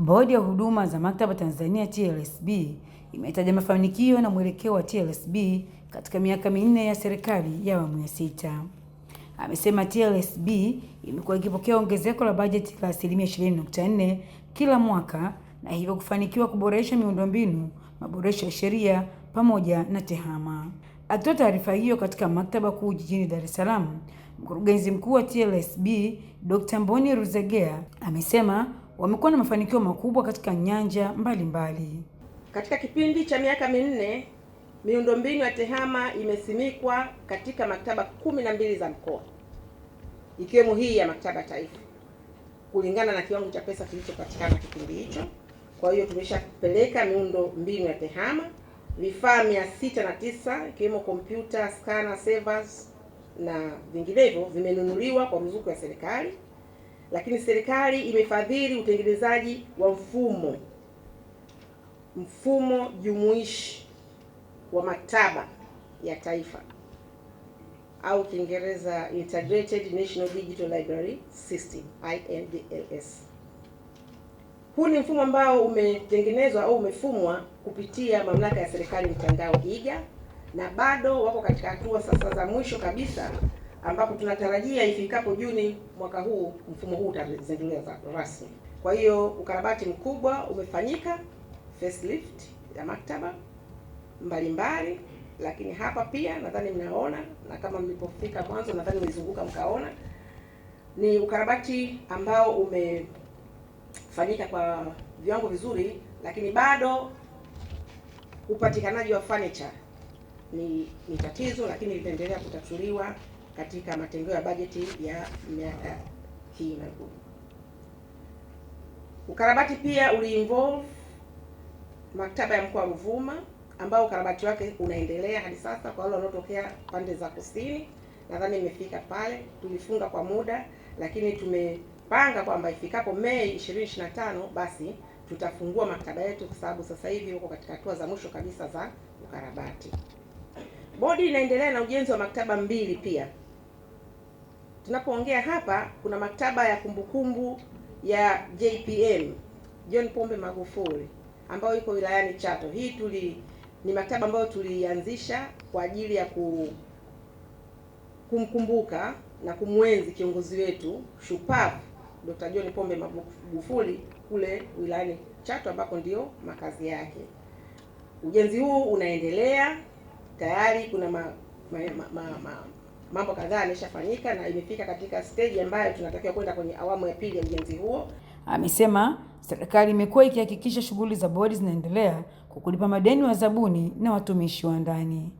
Bodi ya Huduma za Maktaba Tanzania TLSB imetaja mafanikio na mwelekeo wa TLSB katika miaka minne ya serikali ya awamu ya sita. Amesema TLSB imekuwa ikipokea ongezeko la bajeti la asilimia 20.4 kila mwaka na hivyo kufanikiwa kuboresha miundombinu, maboresho ya sheria pamoja na tehama. Akitoa taarifa hiyo katika Maktaba Kuu jijini Dar es Salaam, Mkurugenzi Mkuu wa TLSB Dr. Mboni Ruzegea amesema wamekuwa na mafanikio makubwa katika nyanja mbalimbali mbali. Katika kipindi cha miaka minne miundombinu ya TEHAMA imesimikwa katika maktaba kumi na mbili za mkoa ikiwemo hii ya maktaba taifa kulingana na kiwango cha pesa kilichopatikana kipindi hicho. Kwa hiyo tumeshapeleka miundo mbinu ya TEHAMA vifaa mia sita na tisa ikiwemo kompyuta, scanner, servers na vinginevyo vimenunuliwa kwa mzuku ya serikali. Lakini serikali imefadhili utengenezaji wa mfumo mfumo jumuishi wa maktaba ya taifa au Kiingereza Integrated National Digital Library System INDLS. Huu ni mfumo ambao umetengenezwa au umefumwa kupitia mamlaka ya serikali mtandao iga, na bado wako katika hatua sasa za mwisho kabisa ambapo tunatarajia ifikapo Juni mwaka huu mfumo huu utazinduliwa rasmi. Kwa hiyo ukarabati mkubwa umefanyika, facelift ya maktaba mbalimbali, lakini hapa pia nadhani mnaona, na kama mlipofika mwanzo, nadhani mlizunguka mkaona, ni ukarabati ambao umefanyika kwa viwango vizuri, lakini bado upatikanaji wa furniture ni, ni tatizo, lakini linaendelea kutatuliwa katika matengeo ya bajeti ya miaka hii kumi. Ukarabati pia uliinvolve maktaba ya mkoa wa Ruvuma ambao ukarabati wake unaendelea hadi sasa. Kwa wale wanaotokea pande za kusini, nadhani imefika pale, tulifunga kwa muda, lakini tumepanga kwamba ifikapo Mei 2025 basi tutafungua maktaba yetu, kwa sababu sasa hivi uko katika hatua za mwisho kabisa za ukarabati. Bodi inaendelea na ujenzi wa maktaba mbili pia tunapoongea hapa kuna maktaba ya kumbukumbu ya JPM John Pombe Magufuli ambayo iko wilayani Chato. Hii tuli ni maktaba ambayo tulianzisha kwa ajili ya ku, kumkumbuka na kumwenzi kiongozi wetu shupavu Dr. John Pombe Magufuli kule wilayani Chato ambako ndio makazi yake. Ujenzi huu unaendelea tayari kuna ma, ma, ma, ma, ma, mambo kadhaa yameshafanyika na imefika katika stage ambayo tunatakiwa kwenda kwenye awamu ya pili ya ujenzi huo. Amesema serikali imekuwa ikihakikisha shughuli za bodi zinaendelea kwa kulipa madeni wa zabuni na watumishi wa ndani.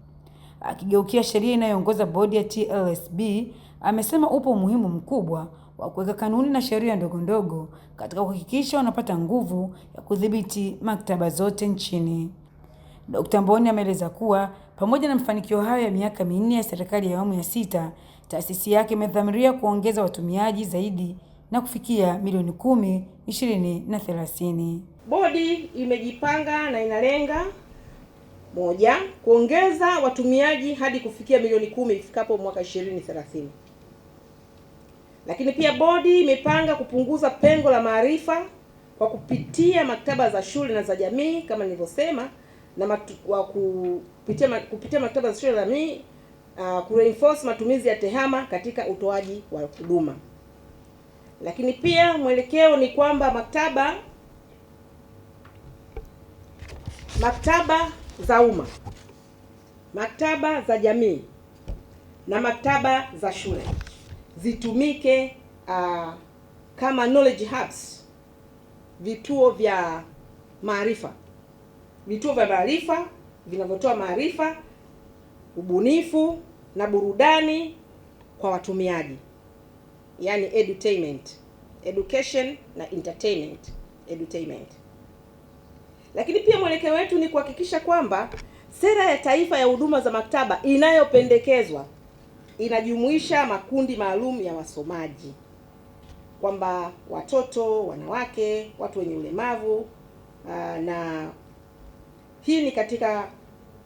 Akigeukia sheria inayoongoza bodi ya TLSB, amesema upo umuhimu mkubwa wa kuweka kanuni na sheria ndogo ndogo katika kuhakikisha wanapata nguvu ya kudhibiti maktaba zote nchini. Dkt. Mboni ameeleza kuwa pamoja na mafanikio hayo ya miaka minne ya serikali ya awamu ya sita, taasisi yake imedhamiria kuongeza watumiaji zaidi na kufikia milioni kumi, ishirini na thelathini. Bodi imejipanga na inalenga moja, kuongeza watumiaji hadi kufikia milioni kumi ifikapo mwaka 2030. Lakini pia bodi imepanga kupunguza pengo la maarifa kwa kupitia maktaba za shule na za jamii kama nilivyosema, na matu, wa kupitia, kupitia maktaba za shule jamii uh, ah, kureinforce matumizi ya tehama katika utoaji wa huduma. Lakini pia mwelekeo ni kwamba maktaba maktaba za umma, maktaba za jamii na maktaba za shule zitumike uh, kama knowledge hubs, vituo vya maarifa vituo vya maarifa vinavyotoa maarifa, ubunifu na burudani kwa watumiaji, yani edutainment, education na entertainment, edutainment. Lakini pia mwelekeo wetu ni kuhakikisha kwamba sera ya taifa ya huduma za maktaba inayopendekezwa inajumuisha makundi maalum ya wasomaji, kwamba watoto, wanawake, watu wenye ulemavu na hii ni katika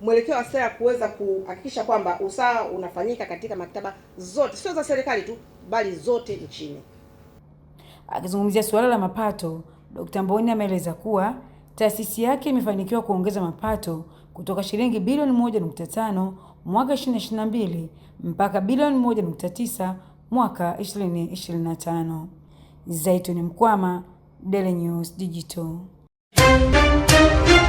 mwelekeo wa sera ya kuweza kuhakikisha kwamba usawa unafanyika katika maktaba zote, sio za serikali tu, bali zote nchini. Akizungumzia suala la mapato, Dkt. Mboni ameeleza kuwa taasisi yake imefanikiwa kuongeza mapato kutoka shilingi bilioni 1.5 mwaka 2022 mpaka bilioni 1.9 mwaka 2025. Zaituni Mkwama, Daily News Digital.